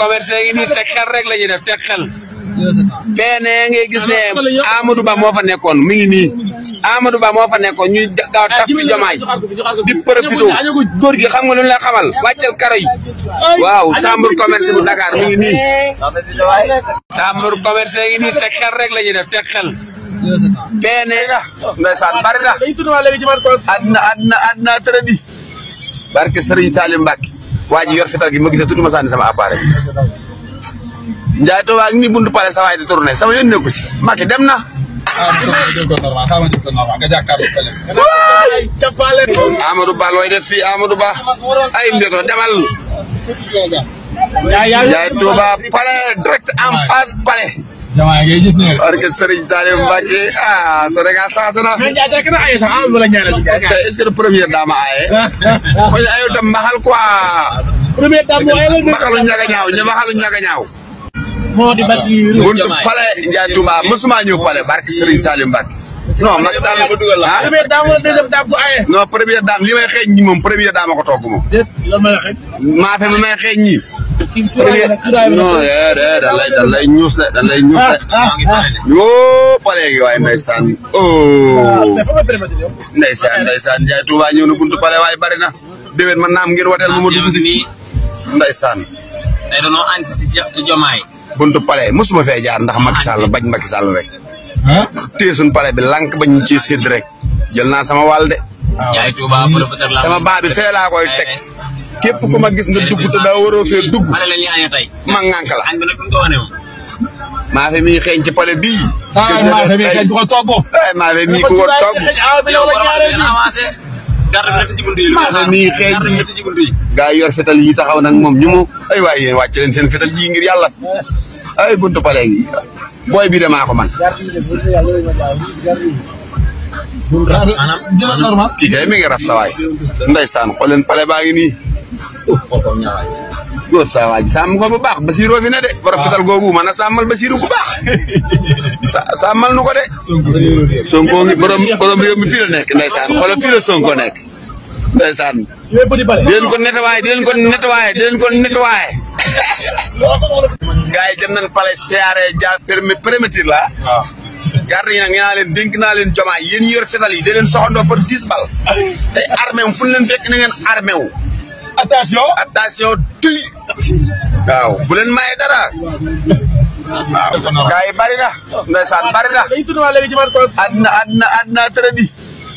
commerce ngi ni teg rek la def teg bene ngay gis ne amadou ba moo fa nekkoon mi ngi amadou ba fa ñuy taf eh, jomaay di profito góor gi xam nga lu la xamal karo yi waaw chambre commerce bu dakar mi ngi nii chambre commerce ngi nii teg rek la def teg bene bari adna adna adna barke salim mbàkke waa ji yor fetal gi ma gisee tudd ma sànni sama appareil Ndiaye Touba ak ni buntu pale sa waay di tourné sama yoon nekku ci Macky dem na. Amadou Ba looy def fii Amadou Ba ay mbir la demal. Ndiaye Touba pale direct en face pale. Jamaah, ga yijis ne ah sore ga sa sana nan ja ta kana ay sa al wala nyaala diga ka est ce que mahal kuah. Perbedaan dam ay mahal nyaga nyaaw mahal nyaga nyaaw mo di basir buntu fale ja tuma musuma ñu fale barka sari zare mbake non Macky Sall ma bu aye non première dame li may xeeñ ñi moom première dame ko togg no ya da ya, da lai da lai news lai da lai news ah, ah, yo pare gi oh ah, ndaysan ndaysan jaay tuba ñew na buntu pare way bari na dewen man naam ngir watel mamadou ni ndaysan day dono anti ci pare musuma fe jaar ndax Macky Sall bañ Macky Sall rek pare bi lank bañ ci sama walde. de jaay tuba sama babi bi fe la koy tek eh képp ku ma gis nga dugg te da waro fe dugg ma la maafe mi ci bi. ay maafe mi xeeñ ah, ko togg ay eh, maafe mi ko togg mi xeeñ gaa yor fetal yi taxaw ñu ay waay yéen wàcc leen seen fetal yi ngir ay buntu pale yi bi ko man maanaam mi ngi raf pale boppam ñawaay góor ko bu baax Basiiroo fi ne de. waaw rafetal googu mën a sàmmal Basiiru bu baax. sa sàmmal nu ko de. Sonko ngi borom borom réew mi fii la nekk ndeysaan xoolal fii la Sonko nekk ndeysaan. di leen ko nettoyé di leen ko nettoyé di leen ko nettoyé. gars yi dem nañ palais siyaare jaar permi la. waaw garde yi nag leen dénk naa leen jomaay yéen ñi yor yi da leen soxandoo par bal. tey armé wu fu ñu leen attention attention tuy waaw bu leen maye dara waaw gars yi bari na ndeysaan bari na àddina àddina àddina tërëdi